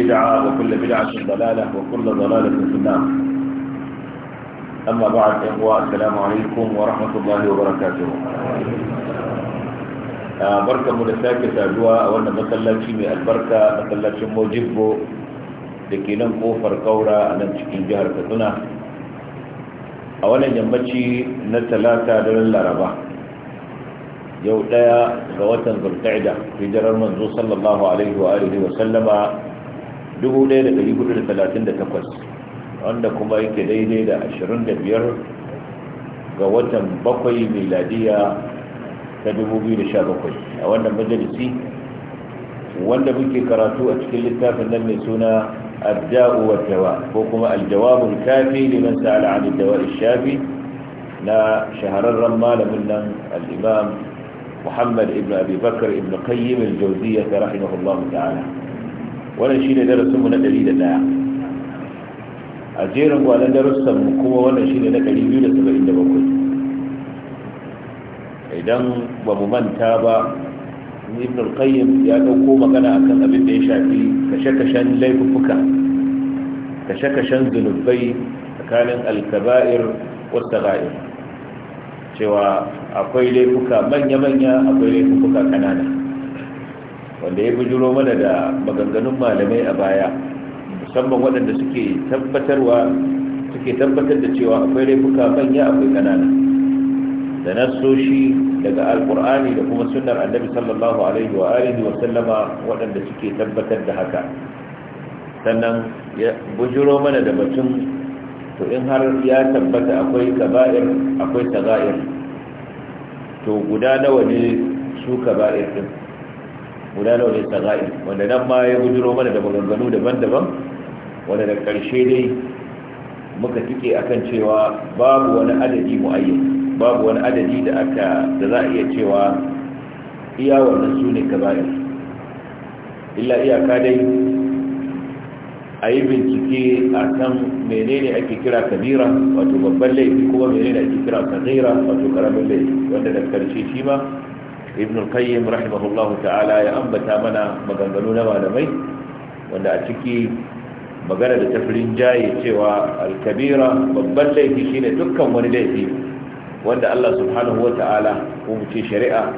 بدعة وكل بدعة ضلالة وكل ضلالة في النار أما بعد إخوة السلام عليكم ورحمة الله وبركاته آه، بركة مدساكة سادوة أولنا مسلاتي من البركة مثلا مسلاتي موجبه لكي ننقو فرقورة أنا تشكين جهر كتنا أولا جنبتي نتلاتا دلال رباه yau daya ga watan zulqa'ida hijirar manzo sallallahu alaihi wa alihi wa 1438 wanda kuma yake daidai da 25 ga watan 7 miladiya ta 2017 a wannan majalisi wanda muke karatu a cikin littafin nan mai suna abda'u wa ko kuma aljawabin kafi liman sa'ala 'an ad-dawa'i na shahararren malamin nan al muhammad ibn abi bakr ibn qayyim al-jawziyyah rahimahullah ta'ala wannan shi ne darasinmu na 101 a jerin gwanon darussanmu kuma wannan shi ne na 277 idan ba mu manta ba ibn al-qayyim ya dauko magana akan abin da ya shafi kashe-kashen laifuka kashe-kashen zunubai tsakanin al-kaba'ir wa cewa akwai laifuka manya-manya akwai laifuka kanana wanda ya bujiro mana da maganganun malamai a baya musamman waɗanda suke tabbatarwa suke tabbatar da cewa akwai laifuka manya akwai ƙanana da nasoshi daga alkur'ani da kuma sunnar annabi sallallahu alaihi wa alihi wa sallama waɗanda suke tabbatar da haka sannan ya bujiro mana da batun to in har ya tabbata akwai kaba'ir akwai taga'ir to guda nawa ne su kaba'ir din guda nawa ne sarai wanda nan ma ya gujiro mana da maganganu daban-daban wanda da karshe dai muka a akan cewa babu wani adadi muayyan babu wani adadi da aka da za a iya cewa iya wannan su ne kaba'ir illa iyaka dai a yi bincike a kan menene ake kira kabira wato babban laifi kuma menene ake kira kabira wato karamin laifi wanda da karshe shi ma ibn al-qayyim rahimahullahu ta'ala ya ambata mana maganganu na malamai wanda a ciki magana da tafirin jaye cewa al-kabira babban laifi shine dukkan wani laifi wanda Allah subhanahu wata'ala ko mu ce shari'a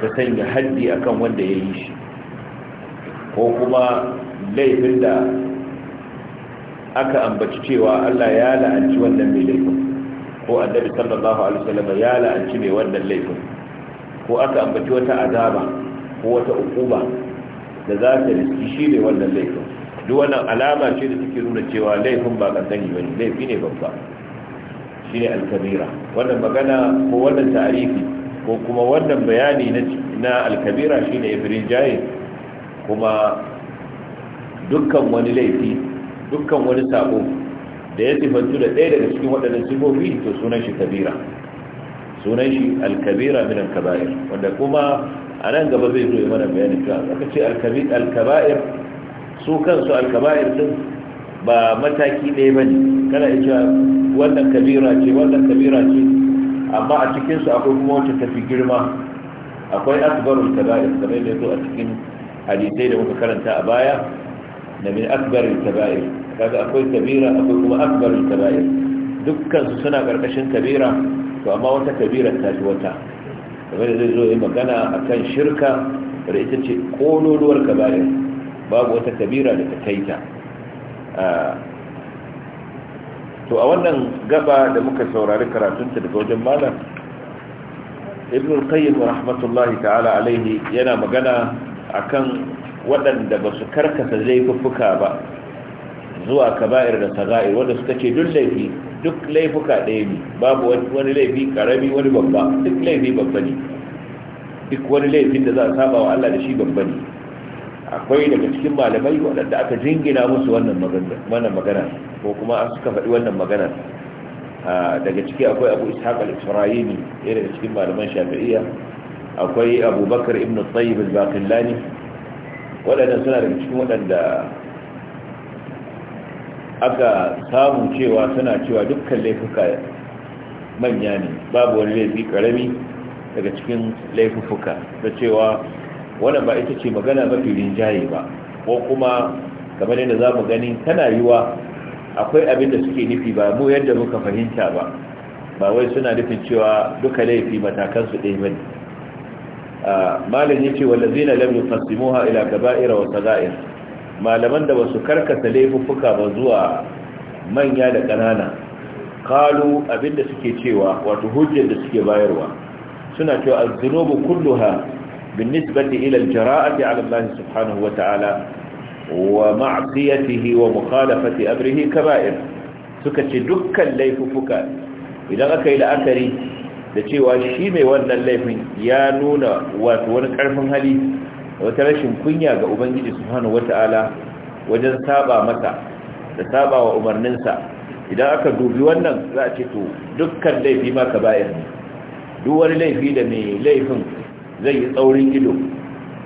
ta sanya haddi akan wanda ya yi shi ko kuma laifin da aka ambaci cewa Allah ya la'anci wannan laifin ko annabi sallallahu alaihi wasallam ya la'anci mai wannan laifin ko aka ambaci wata azaba ko wata ukuba da za ta riski shi ne wannan laifin duk wannan alama ce da take nuna cewa laifin ba kankani bane laifi ne babba shi ne al-Kabira. wannan magana ko wannan tarihi ko kuma wannan bayani na alkabira shi ne ibirin jaye kuma dukkan wani laifi dukkan wani sabo da ya sifantu da ɗaya daga cikin waɗannan sifofi to sunan shi kabira sunan shi alkabira min alkaba'ir wanda kuma a nan gaba zai zo mana bayanin cewa aka ce alkaba'ir su kansu alkaba'ir din ba mataki ɗaya ba ne kana ita wannan kabira ce wannan kabira ce amma a cikinsu akwai kuma wacce tafi girma akwai akbarul kaba'ir kamar da zo a cikin hadisai da muka karanta a baya na min akbarul kaba'ir kaga akwai kabira akwai kuma akbarul kaba'ir Dukkansu suna ƙarƙashin kabira to amma wata kabira ta fi wata kamar zai zo yi magana akan shirka da ita ce kololuwar kabarin babu wata kabira da ta kai ta to a wannan gaba da muka saurari karatunta daga wajen malam ibn al-qayyim rahmatullahi ta'ala alaihi yana magana akan waɗanda ba su karkasa laifuffuka ba zuwa kaba'ir da saga'ir wanda suka ce duk laifi duk laifuka ɗaya ne babu wani laifi karami wani babba duk laifi babba ne duk wani laifin da za a saba wa Allah da shi babba ne akwai daga cikin malamai waɗanda aka jingina musu wannan magana ko kuma an suka faɗi wannan magana daga ciki akwai abu ishaq al-isra'ili ɗaya daga cikin malaman shafi'iyya akwai abubakar ibn tsayyib al-baqillani waɗannan suna daga cikin waɗanda aka samu cewa suna cewa dukkan laifuka manya ne babu wani laifi karami daga cikin laifuka da cewa wannan ba ita ce magana mafi rinjaye ba ko kuma kamar yadda za mu gani tana yiwa akwai abin da suke nufi ba mu yadda muka fahimta ba ba wai suna nufin cewa duka laifi matakansu ɗaya mani ne ah, malin ya ce wallazina lam yuqassimuha ila kaba'ira wa sagha'ir malaman da ba su karkata laifuka ba zuwa manya da ƙanana kalu abinda suke cewa wato hujjar da suke bayarwa suna cewa az-zunubu kulluha bin nisbati ila al-jara'ati 'ala Allah subhanahu wa ta'ala wa ma'siyatihi wa mukhalafati amrihi kaba'ir suka ce dukkan laifuka idan aka yi la'akari da cewa shi mai wannan laifin ya nuna wato wani karfin hali wata rashin kunya ga ubangiji subhanahu wata'ala wajen saba mata da saba wa umarninsa idan aka dubi wannan za a ce to dukkan laifi ma ka bayar ne duk wani laifi da mai laifin zai yi tsaurin ido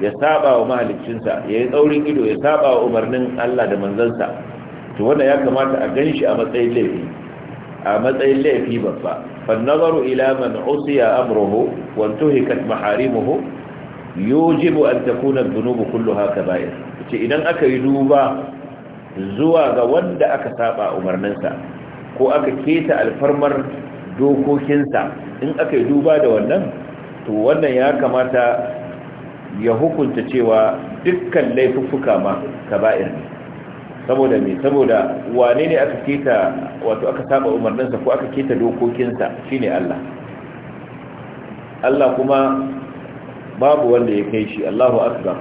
ya saba wa mahaliccinsa ya yi tsaurin ido ya saba wa umarnin Allah da manzansa to wannan ya kamata a ganshi a matsayin laifi a matsayin laifi babba fa nazaru ila man usiya amruhu wa tuhikat maharimuhu yujibu an takuna dhunubu kulluha kaba'ir ce idan aka yi duba zuwa ga wanda aka saba umarninsa ko aka keta alfarmar dokokinsa in aka yi duba da wannan to wannan ya kamata ya hukunta cewa dukkan laifuffuka ma kaba'ir ne saboda me saboda wane ne aka keta wato aka saba umarninsa ko aka keta dokokinsa shine Allah Allah kuma babu wanda ya kai shi Allahu akbar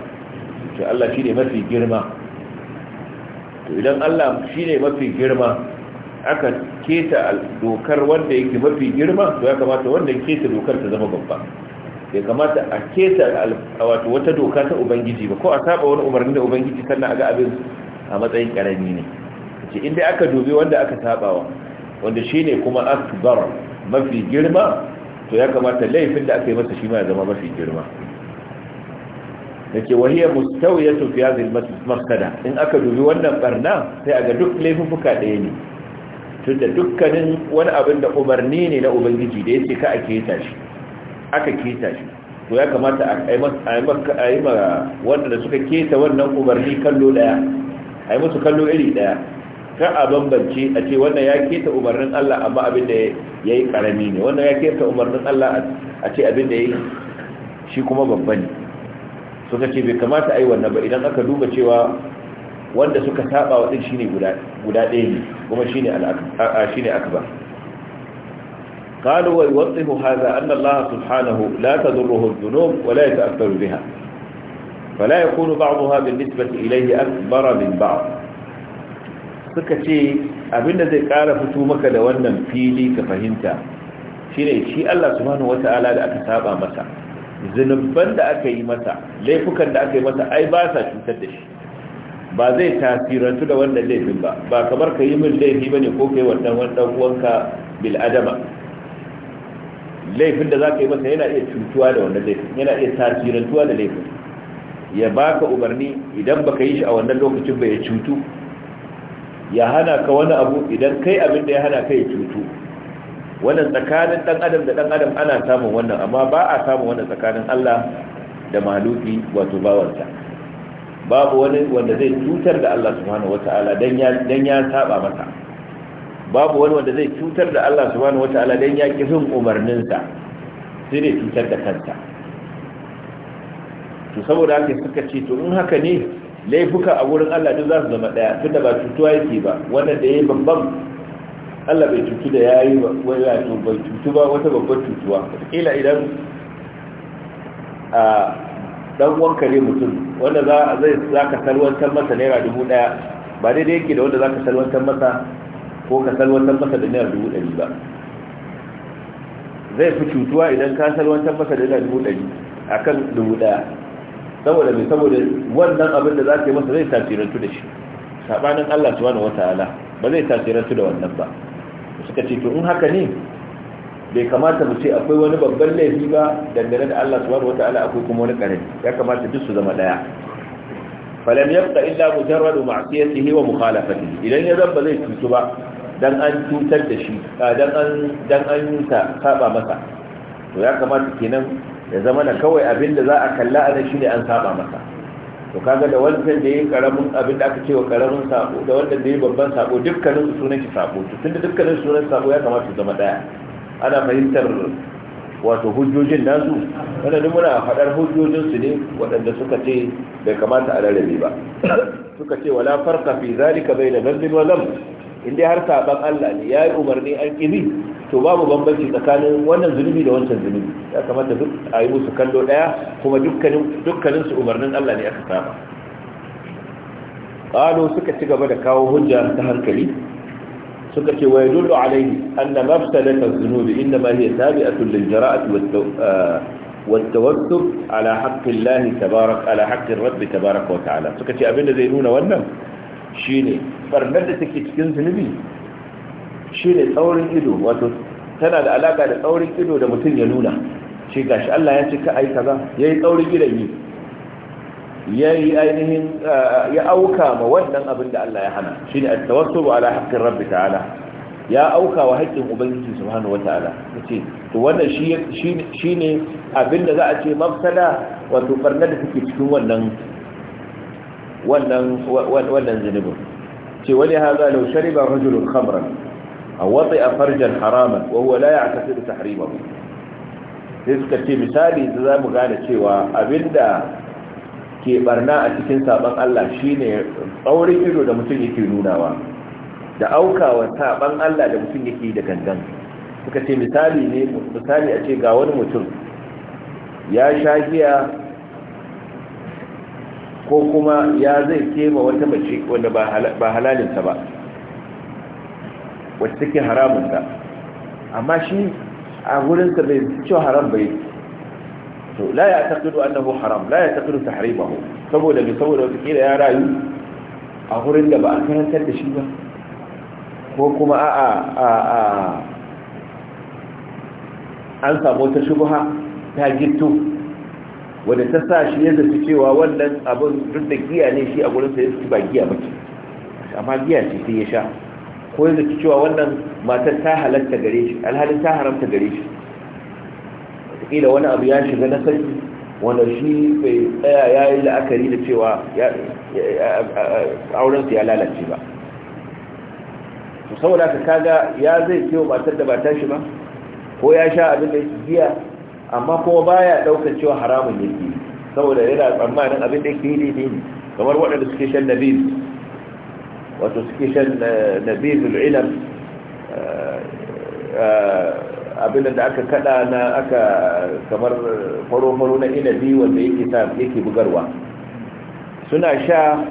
to Allah shine mafi girma to idan Allah shine mafi girma aka keta dokar wanda yake mafi girma to ya kamata wanda ya keta dokar ta zama babba ya kamata a keta wato wata doka ta ubangiji ba ko a saba wani umarni da ubangiji sannan a ga abin a matsayin karami ne ce inda aka dubi wanda aka sabawa wanda shine kuma akbar mafi girma to ya kamata laifin da aka yi masa shi ma ya zama mafi girma yake wahiya mustawiyatu fi hadhihi al-mafsada in aka dubi wannan barna sai aga duk laifuffuka ɗaya ne tunda dukkanin wani abin da umarni ne na ubangiji da yace ka ake keta shi aka keta shi to ya kamata a yi masa a yi wanda suka keta wannan umarni kallo daya a yi musu kallo iri daya ka a bambance a ce wannan ya keta umarnin Allah amma abin da yayi karami ne wannan ya keta umarnin Allah a ce abin da yayi shi kuma babban ne suka ce bai kamata a yi wannan ba idan aka duba cewa wanda suka saba wa ɗin shine guda ɗaya ne kuma shine aka ba قالوا ويوضح هذا أن الله سبحانه لا تضره الذنوب ولا يتأثر بها فلا يكون بعضها بالنسبة إليه أكبر من بعض suka ce abinda zai kara fito maka da wannan fili ka fahimta shine shi Allah subhanahu wataala da aka saba masa Zunubban da aka yi masa laifukan da aka yi masa ai ba sa cutar da shi ba zai tasirantu da wannan laifin ba ba kamar ka yi min laifi ba ne ko kai wannan wannan uwanka bil'adama laifin da za ka yi masa yana iya cutuwa da wannan laifin yana iya tasirantuwa da laifin ya baka umarni idan baka yi shi a wannan lokacin ba ya cutu ya hana ka wani abu idan kai abin da ya hana ka ya cutu wannan tsakanin dan adam da dan adam ana samun wannan amma ba a samun wannan tsakanin Allah da mahaluki wato bawansa babu wani wanda zai cutar da Allah subhanahu wata'ala dan ya dan ya saba masa babu wani wanda zai cutar da Allah subhanahu wata'ala dan ya ki umarnin umarninsa sai dai cutar da kanta. to saboda haka suka ce to in haka ne laifuka a wurin Allah duk za su zama daya tunda ba cutuwa yake ba wannan da yayi babban Allah bai cutu da yayi ba wato bai cutu ba wata babbar cutuwa kila idan a dan wanka ne mutum wanda za zai zaka salwantar masa naira dubu daya ba daidai yake da wanda zaka salwantar masa ko ka salwantar masa da naira dubu dari ba zai fi cutuwa idan ka salwantar masa da naira dubu dari akan dubu daya saboda mai saboda wannan abin da zaka yi masa zai tasirantu da shi sabanin Allah subhanahu wataala ba zai tasirantu da wannan ba suka ce to in haka ne bai kamata mu ce akwai wani babban laifi ba dangane da Allah subhanahu wataala akwai kuma wani karami ya kamata duk su zama daya falam yabqa illa mujarradu ma'siyatihi wa mukhalafatihi idan ya zamba zai cutu ba dan an cutar da shi dan an dan an ta saba masa to ya kamata kenan ya zama na kawai abinda za a kalla a shi shine an saba masa to kaga da wancan da yi karamin abin da aka cewa karamin sabo da wanda da yi babban sabo dukkanin su sunan shi sabo to tunda dukkanin su sunan sabo ya kamata su zama daya ana fahimtar wato hujjojin nasu wanda duk muna faɗar hujjojin su ne waɗanda suka ce bai kamata a rarrabe ba suka ce wala farka fi zalika bayna dhanbin wa lam in dai har saban Allah ne yayi umarni an kibi to babu bambanci tsakanin wannan zunubi da wancan zunubi ya kamata duk a yi musu kallo daya kuma dukkanin dukkanin su umarnin Allah ne aka saba qalu suka ci gaba da kawo hujja ta hankali suka ce wa yadullu alayhi anna mafsadatu az-zunubi inma hiya tabi'atun lil jara'ati ala haqqi Allah الله ala haqqi Rabb الرب wa ta'ala suka ce abinda zai nuna wannan shine barnar da take cikin zunubi shi ne tsaurin ido wato tana da alaka da tsaurin ido da mutum ya nuna shi gashi Allah ya ce ka ai kaza yi tsaurin gidan yi yayi ainihin ah, ya auka ma wannan abin da Allah ya hana Shi shine at-tawassul ala haqqin rabbi ta'ala ya auka wa haƙƙin ubangiji subhanahu wata'ala yace to wannan shi ne abin da za a ce mafsada wato barnar da take cikin wannan wannan wannan zunubin ce wani haza lau shariba rajulun khamran a watsa a farjan haraman wa huwa ta harima tahrimahu sai suka ce misali da za mu gane cewa abinda ke barna a cikin saban Allah shi ne tsaurin ido da mutum yake nunawa da aukawa saban Allah da mutum yake da gangan suka ce misali ne misali a ce ga wani mutum ya sha giya ko kuma ya zai kema wata mace wanda ba halalinta ba wacce take haramunta amma shi a gurinsa bai cewa haram bai to la ya taqidu annahu haram la ya taqidu tahrimahu saboda bi saboda wata kila ya rayu a gurin da ba a karantar da shi ba ko kuma a a a an samu ta shubha ta gittu. wanda ta sa shi ya zafi cewa wannan abin duk da giya ne shi a gurin ya zaci ba giya bace amma giya ce sai ya sha ko ya zafi cewa wannan matar ta halatta gare shi alhalin ta haramta gare shi Wataƙila wani abu ya shiga na saki wanda shi bai tsaya ya yi la'akari da cewa aurensu ya lalace ba To saboda ka kaga ya zai wa matar da ba ta shi ba ko ya sha abin da giya amma kuma baya daukan cewa haramun yake saboda yana tsammanin abin da yake yi ne kamar waɗanda suke shan nabiz wato suke shan eh, nabizul ilm eh, eh, abin da aka kada na aka kamar faro-faro na inabi wanda yake sa yake bugarwa suna sha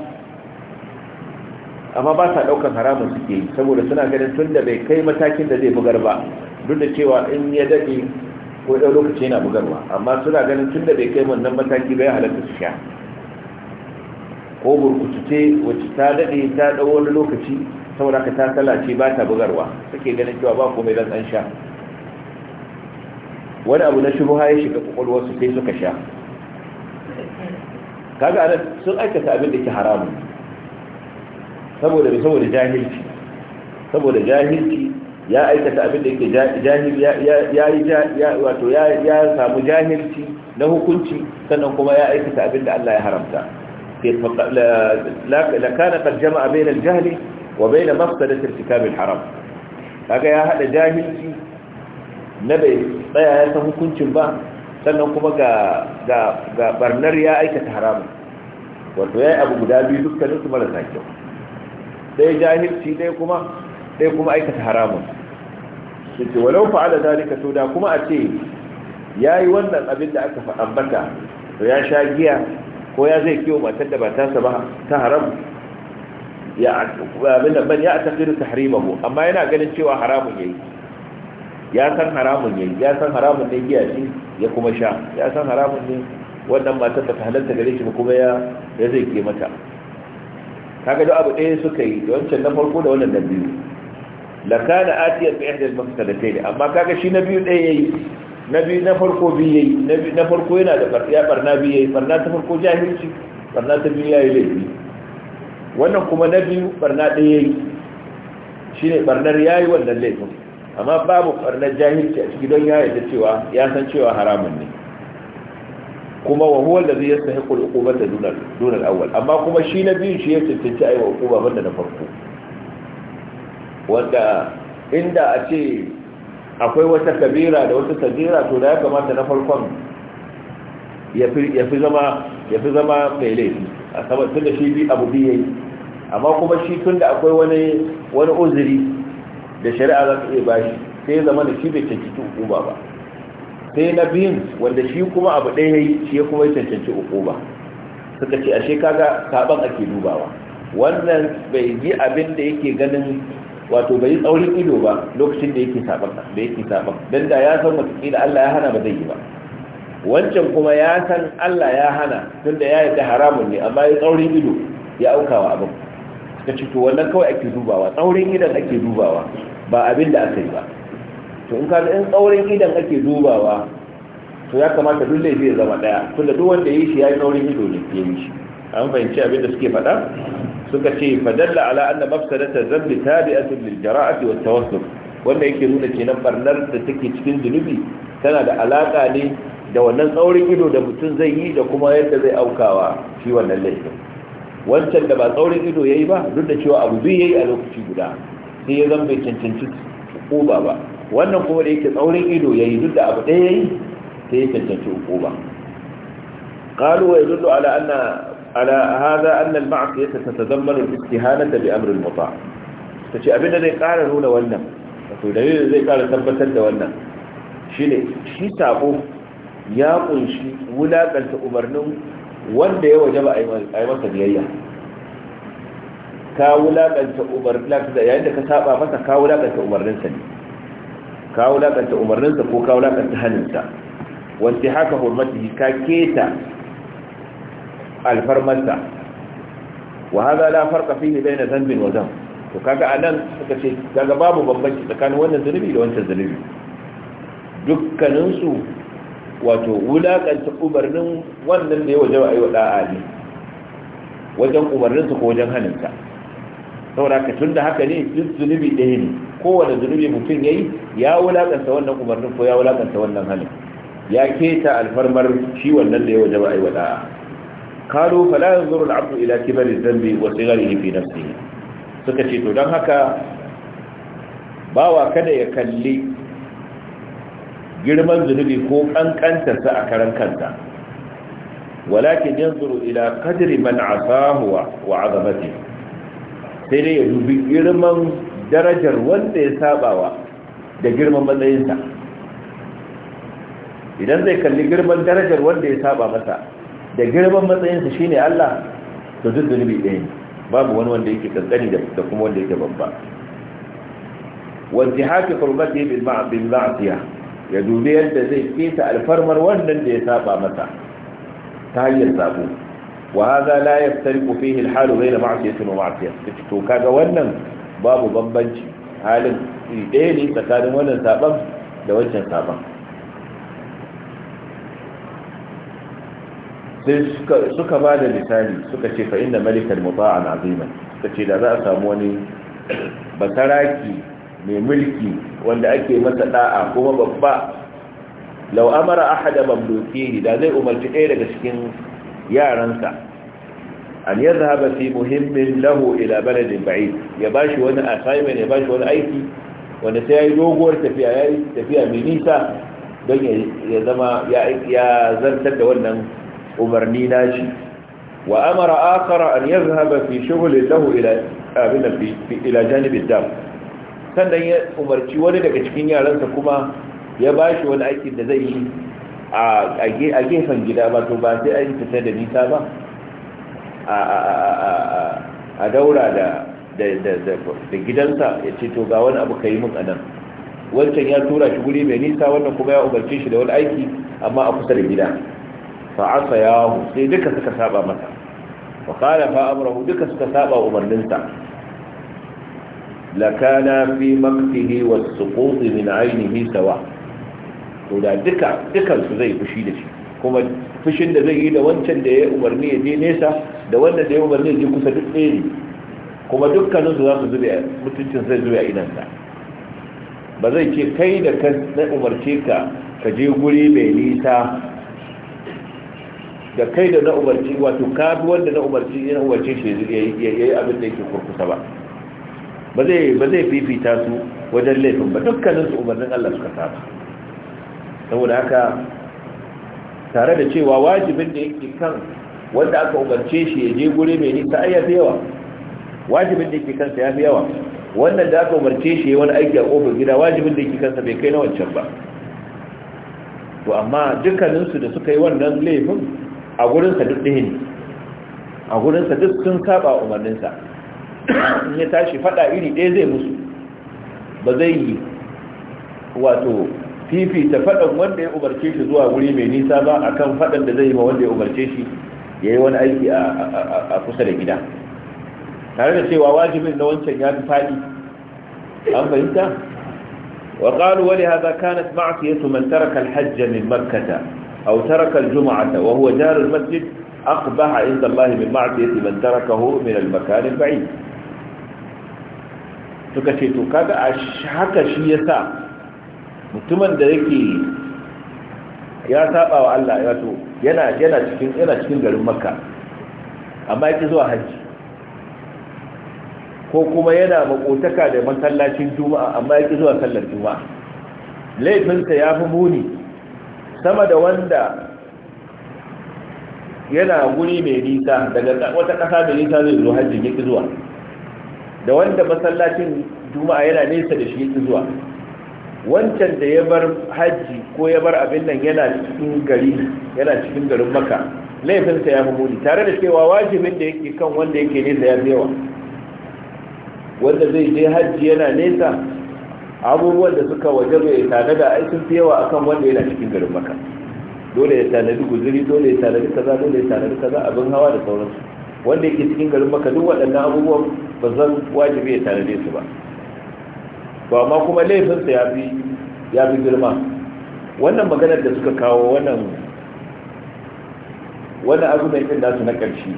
amma ba sa daukan haramun suke saboda suna ganin tun da bai kai matakin da zai bugar ba duk da cewa in ya dade ko ɗan lokaci yana bugarwa amma suna ganin tun da bai kai wannan mataki bai halatta su sha ko burkutu ce wacce ta daɗe ta ɗau wani lokaci saboda ka ta talace ba ta bugarwa suke ganin cewa ba komai dan an sha wani abu na shubuha ya shiga kwakwalwarsu sai suka sha kaga anan sun aikata abin da ke haramun saboda saboda jahilci saboda jahilci ya aikata abin da yake ya samu jahilci na hukunci sannan kuma ya aikata abin da Allah ya haramta la kana qad jama'a bayna al-jahli wa bayna mafsadat irtikab al-haram kaga ya hada jahilci na bai tsaya ya san hukuncin ba sannan kuma ga ga ga barnar ya aikata haramun wato yayi abu guda biyu dukkanin su marasa kyau dai jahilci dai kuma dai kuma aikata haramun yace walau fa'ala zalika to da kuma a ce yayi wannan abin da aka faɗa mata to ya sha giya ko ya zai kiwo matar da ba ta saba ta haram ya abin da ban ya taqiru amma yana ganin cewa haramun yayi ya san haramun yayi ya san haramun ne giya ce ya kuma sha ya san haramun ne wannan matar da ta halatta gare shi kuma ya ya zai ke mata kaga duk abu ɗaya suka yi wancan na farko da wannan da biyu la kana atiyan bi ihda al amma kaga shi na biyu ɗaya yayi na biyu na farko biyu yayi na farko yana da barna barna biyu yayi barna ta farko jahilci barna ta biyu yayi laifi wannan kuma na biyu barna ɗaya yayi shine barnar yayi wannan laifin amma babu barnar jahilci a cikin don ya yarda cewa ya san cewa haramun ne kuma wa huwa allazi yastahiqu al-uqubata duna al-awwal amma kuma shi na biyu shi ya tantance ayi wa uquba banda na farko wanda inda a ce akwai wata kabira da wata sajira to da ya kamata na farkon ya fi zama mai laifi a saman tun da shi bi abu biye amma kuma shi tun da akwai wani wani uzuri da shari'a za ta iya bashi sai zama da shi bai cancanci hukuma ba sai na biyun wanda shi kuma abu ɗaya ya yi shi ya kuma ya cancanci hukuma suka ce ashe kaga saban ake dubawa wannan bai yi abin da yake ganin wato bai yi tsaurin ido ba lokacin da yake saban da yake saban dan da ya san wata Allah ya hana ba zai yi ba wancan kuma ya san Allah ya hana tunda ya yi haramun ne amma ya tsaurin ido ya aukawa abin ka ci to wannan kawai ake dubawa tsaurin idan ake dubawa ba abin da aka yi ba to in ka in tsaurin idan ake dubawa to ya kamata duk laifi ya zama daya tunda duk wanda ya yi shi ya yi tsaurin ido ne ya yi shi an fahimci abin da suke faɗa suka ce fadalla ala anna mafsadata zambi tabi'atun lil jara'ati wat tawassul wanda yake nuna kenan barnar da take cikin zunubi tana da alaka ne da wannan tsaurin ido da mutum zai yi da kuma yadda zai aukawa shi wannan laifin wancan da ba tsaurin ido yayi ba duk da cewa abu zai yayi a lokaci guda sai ya zama bai cancanci hukuma ba wannan kuma da yake tsaurin ido yayi duk da abu ɗaya yayi sai ya cancanci hukuma قالوا ويدل على أن على هذا أن المعصية تتضمن الاستهانة بأمر المطاع تشي أبدا ذي قال هنا ولنا wato dalilin zai kara tabbatar da wannan shine shi sabo ya kunshi wulakanta umarnin wanda ya waje a yi masa biyayya ka wulakanta umarninsa yayin da ka saba masa ka wulakanta umarninsa ne ka umarninsa ko ka wulakanta haninsa wanda haka ka keta alfarmarsa wa haza la farka fihi bayna dhanbin wa dhanb to kaga anan suka ce kaga babu bambanci tsakanin wannan zunubi da wancan zunubi dukkanin su wato wulakanta umarnin wannan da ya waje wa ayyuka da'a ne wajen umarninsa ko wajen haninsa saboda ka tunda haka ne duk zunubi ɗaya ne kowane zunubi mutum ya yi ya wulakanta wannan umarnin ko ya wulakanta wannan hanin ya keta alfarmar shi wannan da ya waje wa a wa da'a kalu fala yanzuru al-abdu ila kibari dhanbi wa sigharihi fi nafsihi suka ce to dan haka bawa kada ya kalli girman zunubi ko kankantarsa a karan kanta walakin yanzuru ila qadri man asahu wa azamati sai dai ya dubi girman darajar wanda ya sabawa da girman matsayinsa idan zai kalli girman darajar wanda ya saba masa da girman matsayinsa shine Allah to duk zunubi ɗaya ne babu wani wanda yake kankani da kuma wanda yake babba wanda haka kurmati bil ma'bil ma'siya ya dubi yadda zai kisa alfarmar wannan da ya saba masa ta hanyar sabo wa hadha la yaftariqu da al halu bayna ma'siyatin wa ma'siya to kaga wannan babu bambanci halin ɗaya ne tsakanin wannan saban da wancan saban sai suka ba da misali suka ce fa inda malikar muta'an aziman suka ce da za a samu wani basaraki mai mulki wanda ake masa da'a kuma babba lau amara ahada mamlukihi da zai umarci ɗaya daga cikin yaransa an yadhhaba fi muhimmin lahu ila baladin ba'id ya shi wani assignment ya shi wani aiki wanda sai yi doguwar tafiya yayi tafiya mai nisa don ya zama ya zartar da wannan umarni nashi wa amara akara an yazhaba fi shughlin lahu ila abin ila dam sannan ya umarci wani daga cikin yaransa kuma ya bashi wani aikin da zai yi a gefen gida ba to ba sai an fita da nisa ba a daura da gidansa ya ce to ga wani abu ka yi min a nan wancan ya tura shi guri mai nisa wannan kuma ya umarce shi da wani aiki amma a kusa da gida fa'asa yahu sai duka suka saba mata wa kala fa duka suka saba umarninta lakana fi maktihi wa suquti min ainihi sawa to da duka dukan su zai fushi da shi kuma fushin da zai yi da wancan da ya umarni ya je nesa da wanda da ya umarni ya je kusa duk ɗaya ne kuma dukkanin su za su zube a mutuncin zai zube a idansa ba zai ce kai da ka umarce ka ka je guri mai nisa da kai da na umarci wato ka wanda na umarci ya umarci shi ya yi abin da yake kurkusa ba ba zai ba zai fifita su wajen laifin ba dukkanin su umarnin Allah suka saba saboda haka tare da cewa wajibin da yake kan wanda aka umarce shi ya je gure mai nisa ai yafi yawa wajibin da yake kansa fi yawa wannan da aka umarce shi ya wani aiki a kofar gida wajibin da yake kansa bai kai na wancan ba to amma dukkaninsu da suka yi wannan laifin a gurinsa duk ɗaya ne a gurinsa duk sun saba umarninsa in ya tashi fada iri ɗaya zai musu ba zai yi wato fifita fadan wanda ya umarce shi zuwa wuri mai nisa ba akan fadan da zai yi ma wanda ya umarce shi ya yi wani aiki a kusa da gida tare da cewa wajibin na wancan ya fi faɗi an fahimta wa ƙalu wani haza kanat ma'asiyatu man taraka min makkata أو ترك الجمعة وهو جار المسجد أقبح عند الله من معصية من تركه من المكان البعيد suka ce to kaga a haka shi ya sa mutumin da yake ya saba wa Allah ya to yana yana cikin yana cikin garin makka amma yake zuwa hajji ko kuma yana makotaka da masallacin juma'a amma yake zuwa sallar juma'a laifinsa ya fi muni sama da wanda yana guri mai nisa daga wata kasa mai nisa zai zo hajji yake zuwa da wanda masallacin juma'a yana nesa da shi yake zuwa wancan da ya bar hajji ko ya bar abin nan yana cikin gari yana cikin garin maka laifinsa ya muni tare da cewa wajibin da yake kan wanda yake nesa ya yawa wanda zai je hajji yana nesa abubuwan da suka waje bai tanada ai sun fi yawa akan wanda yana cikin garin maka dole ya tanadi guzuri dole ya tanadi kaza dole ya tanadi kaza abin hawa da sauransu wanda yake cikin garin maka duk waɗannan abubuwan ba zan wajibi ya tanade su ba to amma kuma laifinsa ya fi ya fi girma wannan maganar da suka kawo wannan wannan abu mai ɗin nasu na ƙarshe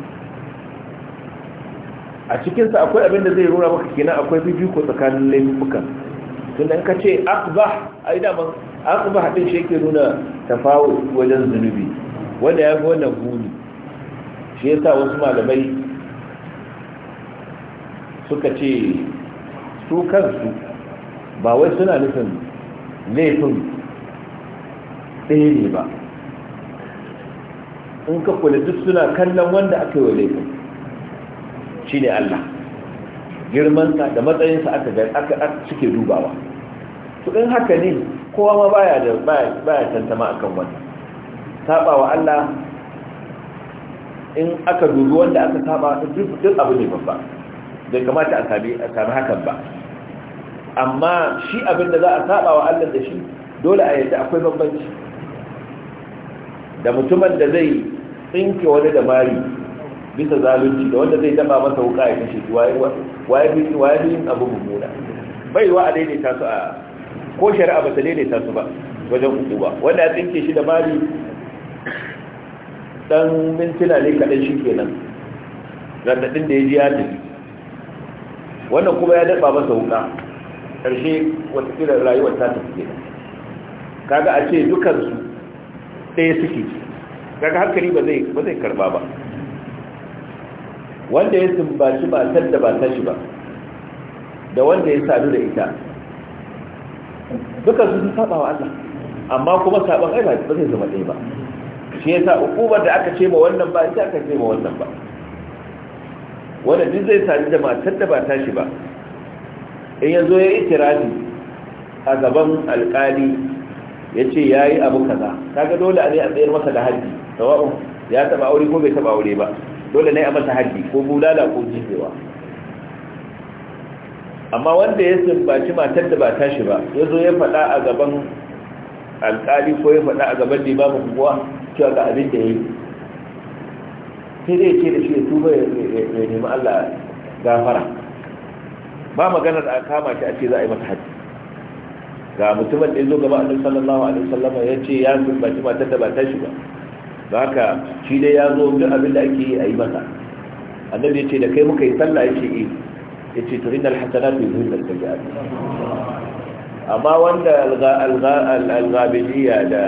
a cikinsa akwai abin da zai rura maka kenan akwai fifiko tsakanin laifukan Tunan ka ce akbah a yi man akbah din shi nuna tafawo wajen zunubi wanda ya fi wannan guni shi sa wasu malamai suka ce su kansu ba wai suna nufin laifin ɗaya ne ba in ka kula duk suna kallon wanda aka yi wa laifin shi ne Allah girmansa da matsayinsa aka suke dubawa to in haka ne kowa ma baya da baya tantama akan wannan saba wa Allah in aka dubi wanda aka saba duk abu ne babba bai kamata a sami hakan ba amma shi abin da za a saba wa Allah da shi dole a yadda akwai bambanci da mutumin da zai tsinke wani da mari bisa zalunci da wanda zai daba masa wuka ya kashe waye waye waye abu mummuna bai wa a daidaita su a ko shari'a ba ta daidaita su ba wajen ba. wanda ya tsinke shi da mali dan mintuna ne kaɗan shi nan raɗaɗin da ya ji ya tafi wannan kuma ya daɓa masa wuka ƙarshe watakila rayuwar ta ta kenan kaga a ce dukansu ɗaya suke kaga hankali ba zai karɓa ba wanda ya sumbaci matar da ba ta shi ba da wanda ya sadu da ita duka sun saba wa Allah amma kuma saban ai ba zai zama ɗaya ba shi yasa hukumar da aka ce ma wannan ba ita aka ce ma wannan ba wanda duk zai sami da matar da ba tashi ba in yanzu ya itirafi a gaban alkali ya ce ya yi abu kaza kaga dole a ne a tsayar masa da haji sawa'un ya taba aure ko bai taba aure ba dole ne a masa haji ko bulala ko jizewa amma wanda ya sumbaci matar da ba tashi ba ya zo ya faɗa a gaban alkali ko ya faɗa a gaban ba mu kuwa cewa ga abin da ya yi sai dai ce da shi ya tuba ya nemi Allah gafara ba maganar a kama shi a ce za a yi mata hajji ga mutumin da ya zo gaba a nan sallallahu alaihi wasallam ya ce ya sumbaci matar da ba tashi ba ba haka shi dai ya zo duk abin da ake yi a yi mata annabi ya ce da kai muka yi sallah ya ce eh yace to innal hasanatu yuzhibna sayyi'at amma wanda al-ghabidiyya da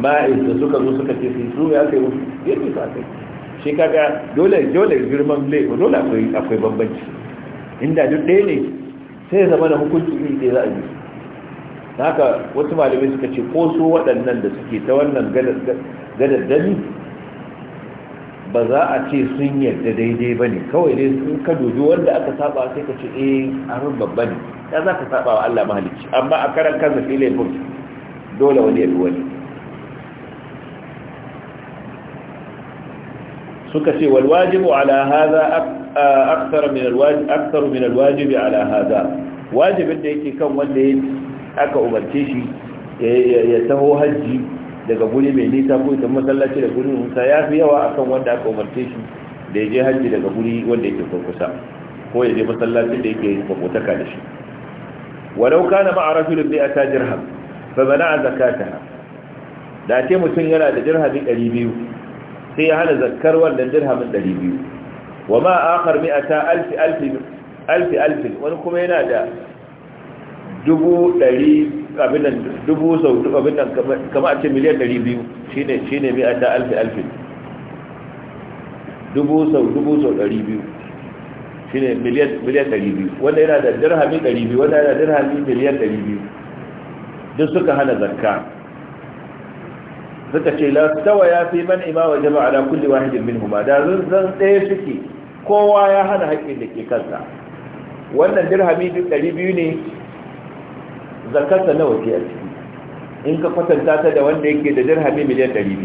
ma'iz da suka zo suka ce sun su ya kai yadda ta kai shi kaga dole dole girman ko dole akwai akwai bambanci inda duk ɗaya ne sai zama da hukunci ne sai za a yi haka wasu malamai suka ce ko su waɗannan da suke ta wannan gadar dani ba za a ce sun yadda daidai ba ne kawai dai sun ka dubi wanda aka saba sai ka ce eh abin babba ne ya za ka saba wa Allah mahalicci amma a karan kansa sai laifin dole wani ya fi wani suka ce wal wajibu ala hadha akthar min al wajib akthar min al wajibi ala hadha wajibin da yake kan wanda aka umarce shi ya taho hajji daga guri mai nisa ko idan masallaci da gurin musa ya fi yawa akan wanda aka umarce shi da ya je hajji daga guri wanda yake kurkusa ko ya je masallacin da yake makotaka da shi walau kana ma'a rajulun bi ata dirham fa bana zakataha da ce mutum yana da ɗari 200 sai ya hana zakkar wannan ɗari 200 wa ma akhar mi'ata alfi alfi alfi alfi wani kuma yana da dubu ɗari abin dubu sau abin nan kama a ce miliyan ɗari biyu shine shine mai ta alfi alfi dubu sau dubu sau ɗari biyu shine miliyan miliyan ɗari biyu wanda yana da dirhami ɗari biyu wanda yana da dirhami miliyan ɗari biyu duk suka hana zakka suka ce la tawa ya fi man ima wa jama'a ala kulli wahidin minhuma da zan zan ɗaya suke kowa ya hana haƙƙin da ke kansa wannan dirhami 200 ne zakarsa nawa ce a ciki in ka kwatanta ta da wanda yake da dirhami miliyan 200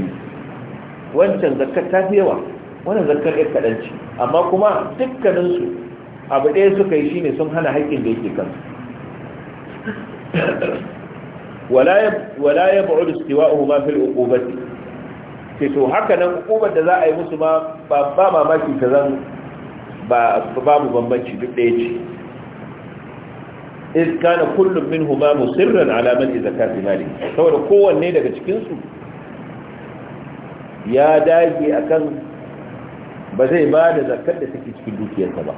wancan zakar ta fi yawa wannan zakar ɗin kadanci amma kuma dukkaninsu abu ɗaya suka yi shine sun hana haƙƙin da yake kansu wala ya ba'udu istiwa'uhu ma fil uqubati ke to haka nan uqubar da za a yi musu ma ba mamaki ta zan ba babu bambanci duk ɗaya ce إذ kullum min huma مصرا على من زكاة ماله saboda kowanne daga cikinsu ya dage akan ba zai ba da zakar da take cikin dukiyarsa ba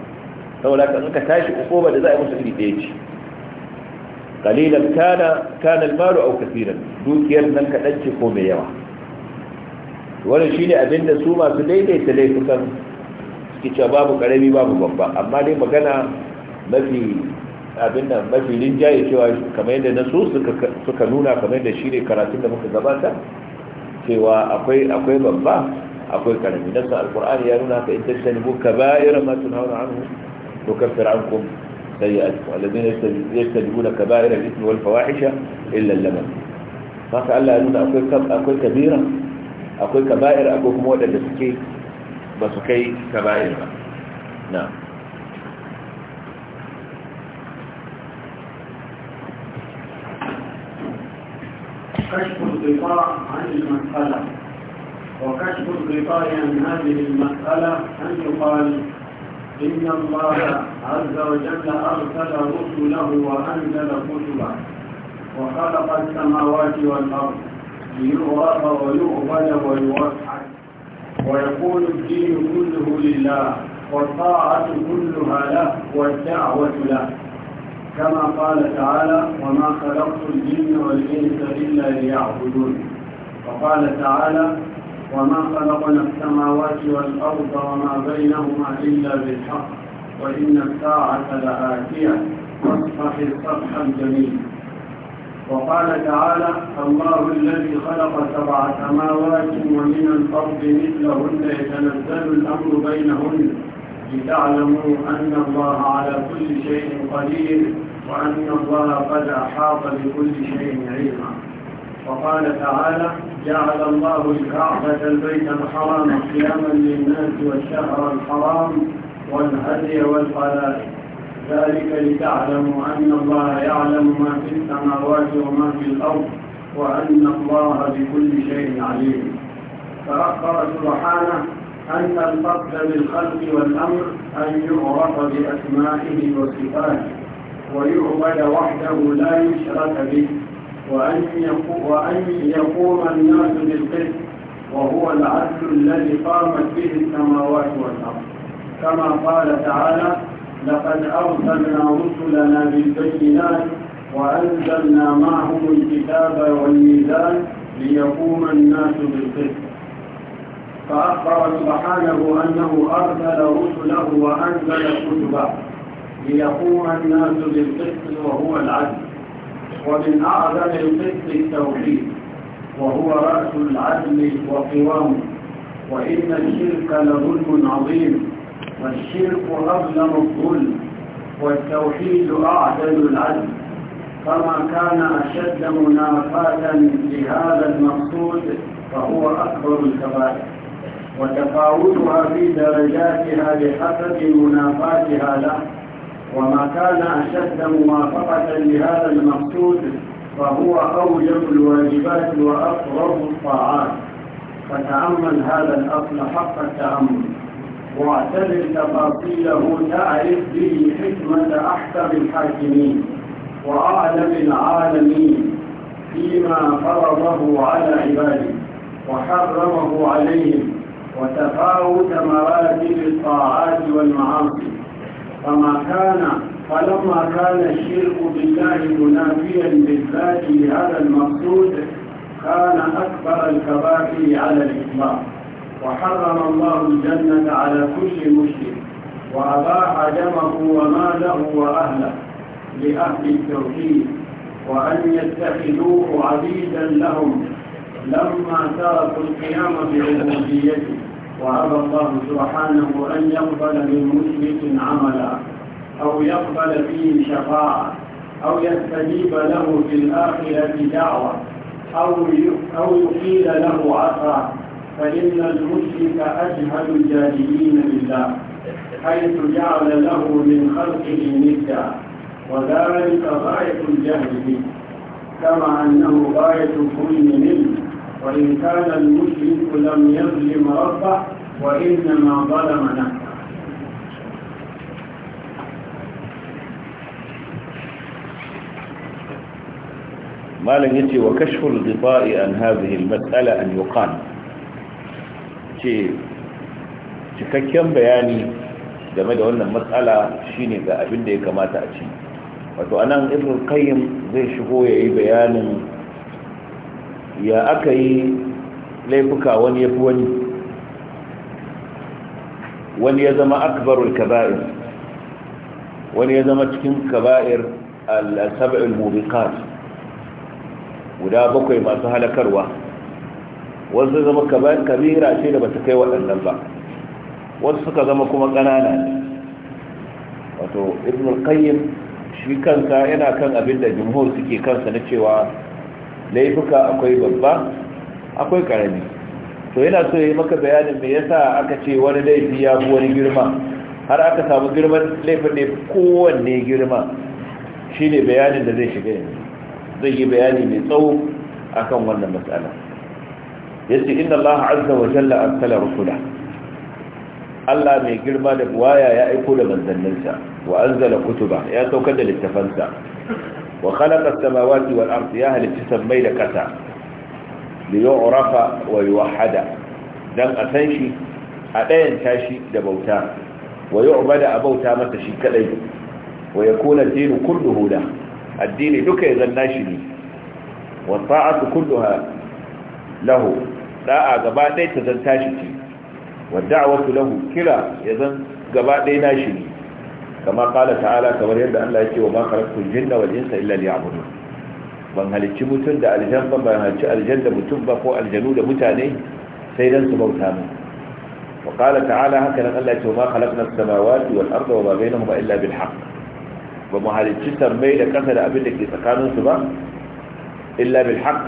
saboda kan ka tashi ukuba da za a musu iri daya ce qalilan kana kana al-malu aw kaseeran dukiyar nan kaɗan ce ko mai yawa wannan shine abinda su masu daidaita laifukan suke cewa babu karami babu babba amma dai magana mafi abin nan mafi rinjaye cewa kamar yadda na so suka nuna kamar yadda shi ne karatun da muka gabata cewa akwai babba akwai karami nasa alkur'ani ya nuna ka in tattali mu ka ba'ira ma tun hauna anhu to kafir ya kum sayyi'atu alladhina yastajibuna kaba'ira al-ithmi wal fawahisha illa al-laman haka Allah ya nuna akwai akwai kabira akwai kaba'ir akwai kuma wadanda suke ba su kai kaba'ir ba na'am كشف الغطاء عن المسألة وكشف الغطاء عن هذه المسألة أن يقال إن الله عز وجل أرسل رسله وأنزل كتبه وخلق السماوات والأرض ليغرق ويغفل ويوحد ويقول الدين كله لله والطاعة كلها له والدعوة له كما قال تعالى وما خلقت الجن والإنس إلا ليعبدون وقال تعالى وما خلقنا السماوات والأرض وما بينهما إلا بالحق وإن الساعة لآتية فاصفح الصفح الجميل وقال تعالى الله الذي خلق سبع سماوات ومن الأرض مثلهن يتنزل الأمر بينهن لتعلموا أن الله على كل شيء قدير وأن الله قد أحاط بكل شيء علما وقال تعالى جعل الله الكعبة البيت الحرام قياما للناس والشهر الحرام والهدي والقلائد ذلك لتعلموا أن الله يعلم ما في السماوات وما في الأرض وأن الله بكل شيء عليم فأخبر سبحانه أن الفضل بالخلق والأمر أن يعرف بأسمائه وصفاته ويعبد وحده لا يشرك به وأن وأن يقوم الناس بالقسط وهو العدل الذي قامت به السماوات والأرض كما قال تعالى لقد أرسلنا رسلنا بالبينات وأنزلنا معهم الكتاب والميزان ليقوم الناس بالقسط فأخبر سبحانه أنه أرسل رسله وأنزل كتبه ليقوم الناس بالقسط وهو العدل ومن أعظم القسط التوحيد وهو رأس العدل وقوامه وإن الشرك لظلم عظيم والشرك أظلم الظلم والتوحيد أعدل العدل فما كان أشد منافاة لهذا المقصود فهو أكبر الكبائر وتفاوتها في درجاتها بحسب منافاتها له وما كان أشد موافقة لهذا المقصود فهو أوجب الواجبات وأقرب الطاعات فتأمل هذا الأصل حق التأمل واعتبر تفاصيله تعرف به حكمة أحكم الحاكمين وأعلم العالمين فيما فرضه على عباده وحرمه عليهم وتفاوت مراتب الطاعات والمعاصي فما كان فلما كان الشرك بالله منافيا بالذات لهذا المقصود كان أكبر الكبائر على الإطلاق وحرم الله الجنة على كل مشرك وأباح دمه وماله وأهله لأهل التوحيد وأن يتخذوه عبيدا لهم لما تركوا القيام بعبوديته وأبى الله سبحانه أن يقبل من مشرك عملا أو يقبل فيه شفاعة أو يستجيب له في الآخرة دعوة أو أو يقيل له عصا فإن المشرك أجهل الجاهلين بالله حيث جعل له من خلقه ندا وذلك غاية الجهل به كما أنه غاية كل منه وإن كان المشرك لم يظلم ربه وإنما ظلم نفسه مالك يتي وكشف الغطاء عن هذه المسألة أن يقال cikakken bayani game da wannan matsala shine ga abin da ya kamata a ci wato anan ibn qayyim zai shigo yayi bayanin ya aka yi laifuka wani ya fi wani wani ya zama akbarul kaba'ir wani ya zama cikin kaba'ir al-sab'il mubiqat guda bakwai masu halakarwa wasu zama kabira ce da bata kai waɗannan ba wasu suka zama kuma ƙanana ne wato ibn al-qayyim shi kansa yana kan abin da jumhur suke kansa na cewa laifuka akwai babba akwai karami to yana so ya yi maka bayanin me yasa aka ce wani laifi ya fi wani girma har aka samu girman laifin ne kowanne girma shine bayanin da zai shiga yanzu zai yi bayani mai tsawo akan wannan matsala ya ce inda Allah azza wa jalla an tala rusula Allah mai girma da buwaya ya aiko da manzanninsa wa an zala kutuba ya saukar da littafansa wa khalaqa as-samawati wal ardi ya halitta sammai da kasa li yu'rafa wa yuwahhada dan a san shi a dayan tashi da bauta wa yu'bada a bauta masa shi kadai wa yakuna ad-dinu kulluhu da addini duka ya zanna shi ne wa ta'atu kulluha lahu da'a gaba ɗaya ta zan tashi ce wa da'awatu lahu kira ya zan gaba ɗaya nashi ne kama kala ta'ala kamar yadda Allah ya ce wa ma khalaqtul jinna wal insa illa liya'budun ban halicci mutum da aljan ba ban halicci aljan da mutum ba ko aljanu da mutane sai dan su bauta mu wa kala ta'ala haka nan Allah ya ce wa ma khalaqna samawati wal arda wa ma bainahuma illa bil haqq ba mu halicci tarmai da kasa da abin da ke tsakanin su ba illa bil haqq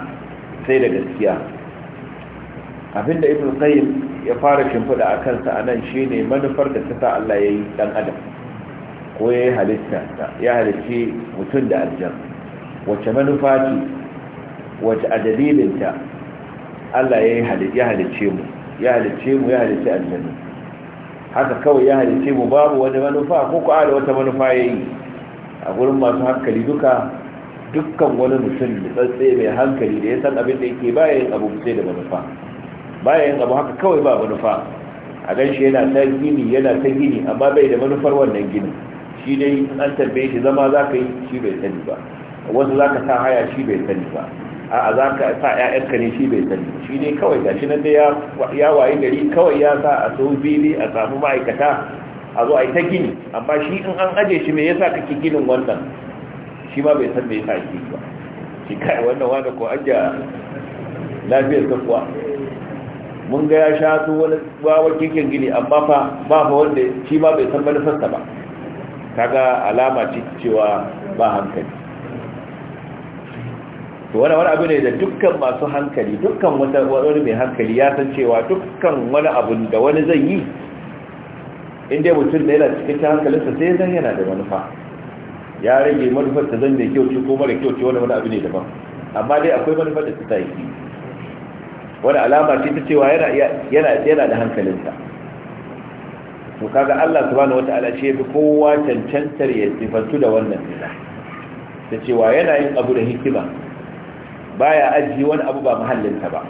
sai da gaskiya abinda ibn qayyim ya fara shimfida akan sa anan shine manufar da ta sa Allah yayi dan adam ko ya yi halitta ya halitti mutum da aljan wacce manufa ce wacce a dalilinta Allah ya halicce mu ya halicce mu ya halicce aljanna haka kawai ya halicce mu babu wani manufa ko ko ala wata manufa ya yi a gurin masu hankali duka dukkan wani mutum da tsatse mai hankali da ya san abin da yake bayan abu sai da manufa bayan abu haka kawai ba manufa a gan shi yana ta gini yana ta gini amma bai da manufar wannan gini. shi dai an tambaye shi zama za ka yi shi bai sani ba wasu za ka sa haya shi bai sani ba a za ka sa 'ya'yanka ne shi bai sani shi ne kawai gashi nan da ya waye gari kawai ya sa a sau fili a samu ma'aikata a zo a yi ta gini amma shi in an aje shi me yasa kake ginin wannan shi ma bai san mai sa shi ba shi kai wannan wanda ko an ja lafiyar ta kuwa mun ga ya sha su wani kikin gini amma fa ba fa wanda shi ma bai san manufarsa ba kaga alama ce cewa ba hankali to wani wani abu ne da dukkan masu hankali dukkan wani mai hankali ya san cewa dukkan wani abu da wani zai yi inda mutum da yana cikin ta hankalinsa sai zan yana da manufa ya rage manufar ta zan da kyau ce ko mara kyau ce wani wani abu ne daban amma dai akwai manufar da ta yi wani alama ce ta cewa yana da hankalinsa to kaga Allah subhanahu wata'ala shi yafi kowa cancantar ya sifantu da wannan sifa ta cewa yana yin abu da hikima baya ajiye wani abu ba mahallinta ba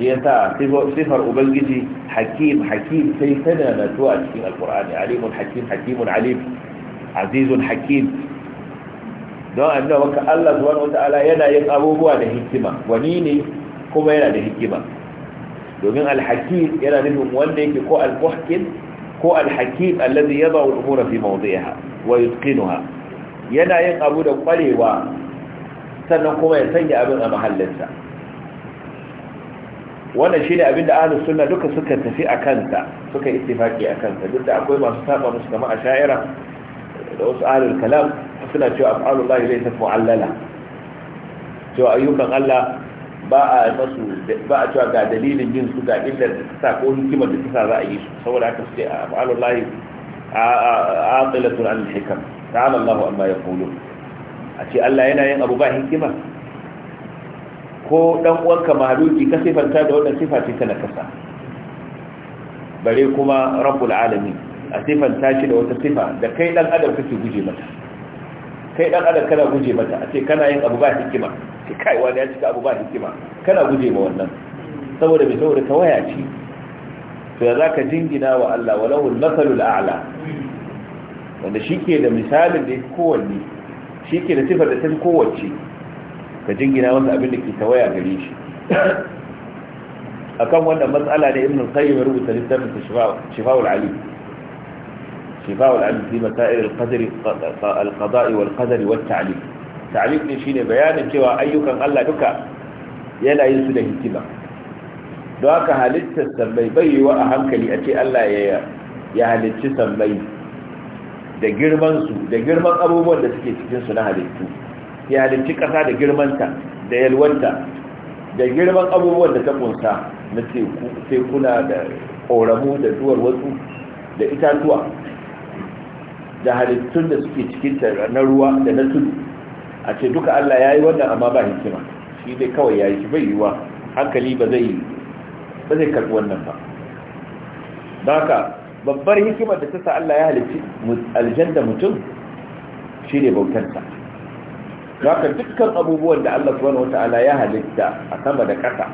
shi yasa sifar ubangiji hakim hakim sai tana natuwa a cikin alkur'ani alimun hakim hakimun alim azizun hakim don an nawa ka Allah subhanahu wata'ala yana yin abubuwa da hikima wani ne kuma yana da hikima domin alhakim yana nufin wanda yake ko almuhkim ko alhakim alladhi yadau al-umura fi mawdi'iha wa yutqinuha yana yin abu da kwarewa sannan kuma ya sanya abin a mahallinsa wannan shine abin da ahlus sunna duka suka tafi a kansa suka ittifaki a kansa duk da akwai masu saba musu kamar asha'ira da wasu ahlul kalam suna cewa af'alullahi laysat mu'allala cewa ayyukan Allah ba a masu ba a cewa ga dalilin yin su ga illar da ta ko hikimar da ta za a yi su saboda haka sai a fa'alullahi aqilatun an hikam ta'ala Allahu amma ya yaqulu a ce Allah yana yin abu ba hikima ko dan uwanka mahaluki ka sifanta da wannan sifa ce ta nakasa bare kuma rabbul alamin a sifanta shi da wata sifa da kai dan adam kake guje mata kai dan adam kana guje mata a ce kana yin abu ba hikima ki kai wani ya cika abu ba hikima kana guje ma wannan saboda mai saboda ta waya ce to ya zaka jingina wa Allah walahu al-masalul a'la wanda shike da misalin da yake kowanne shike da sifar da ta kowace ka jingina masa abin da ke ta waya gare shi akan wannan matsala ne ibn al qayyim rubuta littafin shifa'ul alim shifa'ul Ali, fi masail al-qadr al-qada'i wal qadar wat ta'lim tarif ne shine bayanin cewa ayyukan Allah duka yana yin su da hikima don haka halittar sammai baiwa a hankali a ce Allah ya ya halicci sammai da girman su da girman abubuwan da suke cikin su na halittu ya halicci kasa da girmanta da yalwanta da girman abubuwan da ta kunsa na tekuna da ƙoramu da duwar wasu da itatuwa da halittun da suke cikin na ruwa da na tudu a ce duka Allah ya yi wannan amma ba hikima shi dai kawai ya yi shi bai yiwuwa hankali ba zai ba zai karɓi wannan ba haka babbar hikimar da ta sa Allah ya halicci aljanda mutum shi ne bautarsa haka dukkan abubuwan da Allah subhanahu wata'ala ya halitta a sama da ƙasa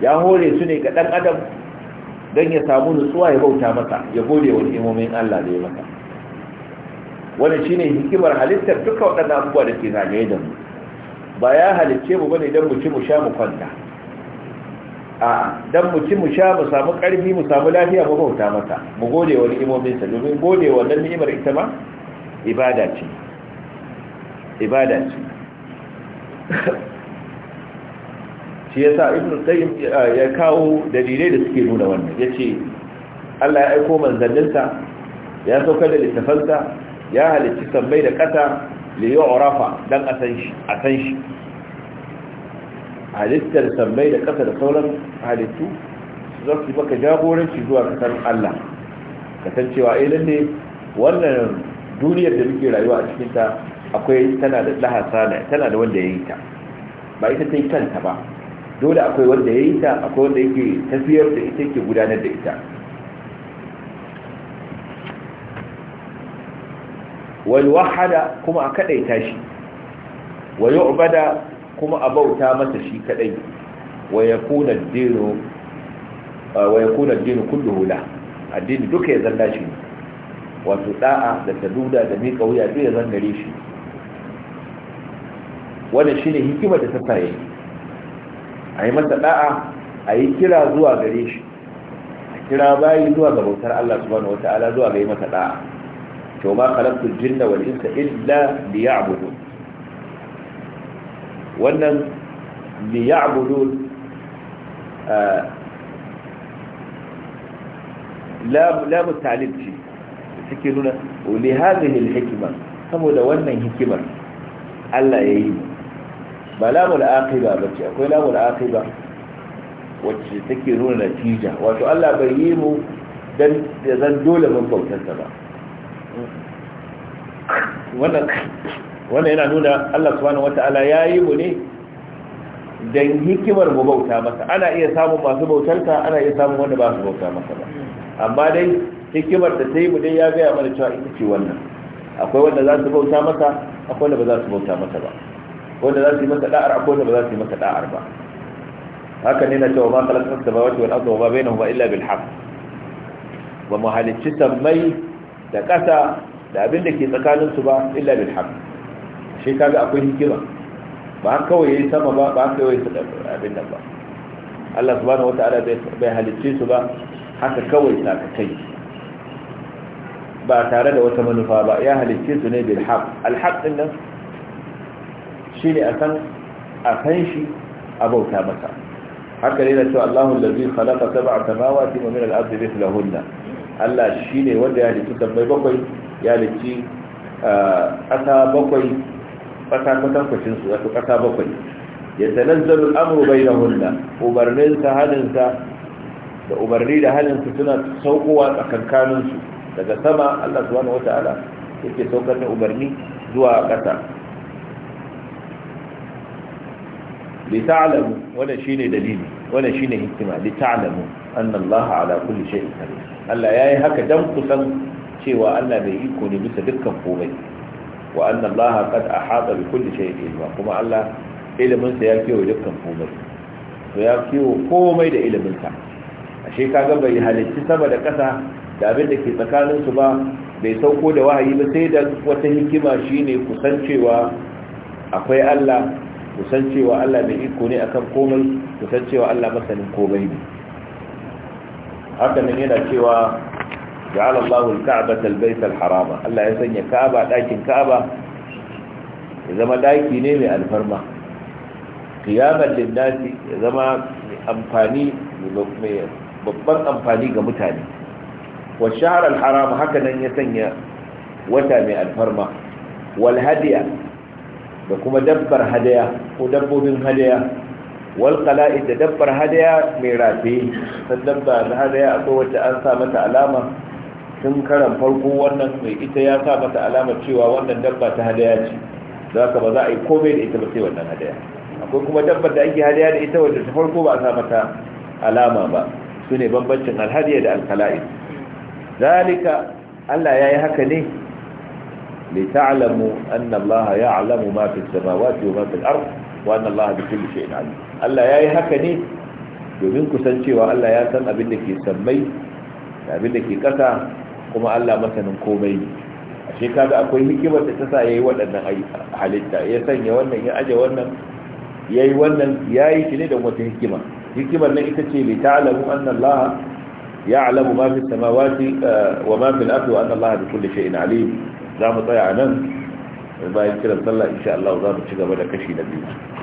ya hore su ne ga ɗan adam don ya samu nutsuwa ya bauta masa ya gode wa ni'imomin Allah da ya maka. shi shine hikimar halittar duka waɗannan abubuwa da ke zagaye da mu ba ya halicce mu bane don mu ci mu sha mu kwanta a don mu ci mu sha mu samu ƙarfi mu samu lafiya mu bauta mata. mu gode wa imominsa domin gode wa wannan ni'imar ita ma ibada ce ibada ce shi yasa ibn qayyim ya kawo dalilai da suke nuna wannan yace Allah ya aika manzanninsa ya saukar da littafansa ya halicci sambai da kasa li yu'rafa dan a asanshi halitta da kasa da sauran halittu za su maka jagoranci zuwa kasar Allah kasancewa eh lalle wannan duniyar da muke rayuwa a cikin ta akwai tana da lahasa tana da wanda yayin ta ba ita ta kanta ba dole akwai wanda yayin ta akwai wanda yake tafiyar da ita yake gudanar da ita walwahada kuma a kadaita shi wa yu'bada kuma a bauta masa shi kadai wa yakuna ad-dinu wa yakuna ad-dinu kulluhu la addini duka ya zalla shi wato da'a da taduda da mika wuya duk ya zangare shi wannan shine hikima da ta saye a yi masa da'a a yi kira zuwa gare shi a kira bayi zuwa ga bautar Allah subhanahu wata'ala zuwa ga yi masa da'a to ma khalaqtul jinna wal insa illa liya'budun wannan liya'budun eh, la mutalib ce suke nuna li hadhihi al hikma saboda wannan hikimar Allah ya yayi ba lamun aqiba bace akwai lamun aqiba wacce take nuna natija wato Allah bai yi mu dan zan dole mun bautar ba wannan yana nuna Allah subhanahu wata'ala yayi mu ne dan hikimar mu bauta masa ana iya samun masu bautarsa ana iya samun wanda ba su bauta masa ba amma dai hikimar da ta yi mu dai ya gaya mana cewa ita ce wannan akwai wanda za su bauta masa akwai wanda ba za su bauta masa ba wanda za su yi masa da'ar akwai wanda ba za su yi masa da'ar ba haka ne na cewa ma khalaqna samawati wal arda wa ma bainahuma illa bil haqq wa muhalicci sammai da ƙasa da abin da ke tsakaninsu ba illa bil haq shi kaga akwai hikima ba kawai ya yi sama ba ba kawai su abin nan ba Allah subhanahu wataala bai halicce su ba haka kawai sakakai ba tare da wata manufa ba ya halicce su ne bil haq al haq nan shine a san a san shi a bauta masa haka ne da cewa Allahu allazi khalaqa sab'a samawati wa min al-ardi mithlahunna Allah shi ne wanda ya halicce sammai bakwai ya lici ƙasa bakwai ƙasa kwatankwacin su ƙasa bakwai ya tanazzalu bai bainahunna ubarnin sa halinsa da ubarni da haninsa suna saukowa tsakankanin daga sama Allah subhanahu wataala yake saukar da ubarni zuwa ƙasa li ta'lamu shine dalili wannan shine hikima li ta'lamu ala kulli shay'in qadir Allah yayi haka dan kusan cewa Allah bai iko ne bisa dukkan komai wa anna Allah qad ahata bi kulli shay'in ilma kuma Allah ilimin sa ya kiwo dukkan komai to ya kiwo komai da ilimin sa ashe kaga bai halitti sama da kasa da abin da ke tsakanin su ba bai sauko da wahayi ba sai da wata hikima shine kusancewa akwai Allah kusancewa Allah mai iko ne akan komai kusancewa Allah masanin komai ne haka nan yana cewa ja'ala Allahu al-ka'bata al harama Allah ya sanya Ka'aba dakin Ka'aba ya zama daki ne mai alfarma qiyaman lin-nasi ya zama amfani mai babban amfani ga mutane wa shahr al-haram ya sanya wata mai alfarma wal hadiya da kuma dabbar hadaya ko dabbobin hadaya da dabbar hadaya mai rafe san dabba na hadaya akwai wacce an sa mata alama tun karan farko wannan mai ita ya sa mata alamar cewa wannan dabba ta hadaya ce za ka ba za a yi komai da ita ba sai wannan hadaya akwai kuma dabbar da ake hadaya da ita wadda ta farko ba a sa mata alama ba su ne bambancin alhadiya da alkala'i zalika allah ya yi haka ne ma لتعلموا أن ma يعلم ما في السماوات وما في الأرض وأن shayin بكل Allah ya yi haka ne? domin ku san cewa Allah ya san abin da ke sammai da abin da ke ƙasa kuma Allah masanin komai ne ashe kaga akwai hikimar da ta sa yayi waɗannan halitta ya sanya wannan ya aje wannan yayi wannan yayi shi ne da wata hikima hikimar nan ita ce li ta'lamu anna Allah ya'lamu ma fi samawati eh, wa ma fi al-ardi wa anna Allah bi kulli shay'in alim za mu tsaya nan bayan kiran sallah insha Allah za mu ci gaba da kashi na biyu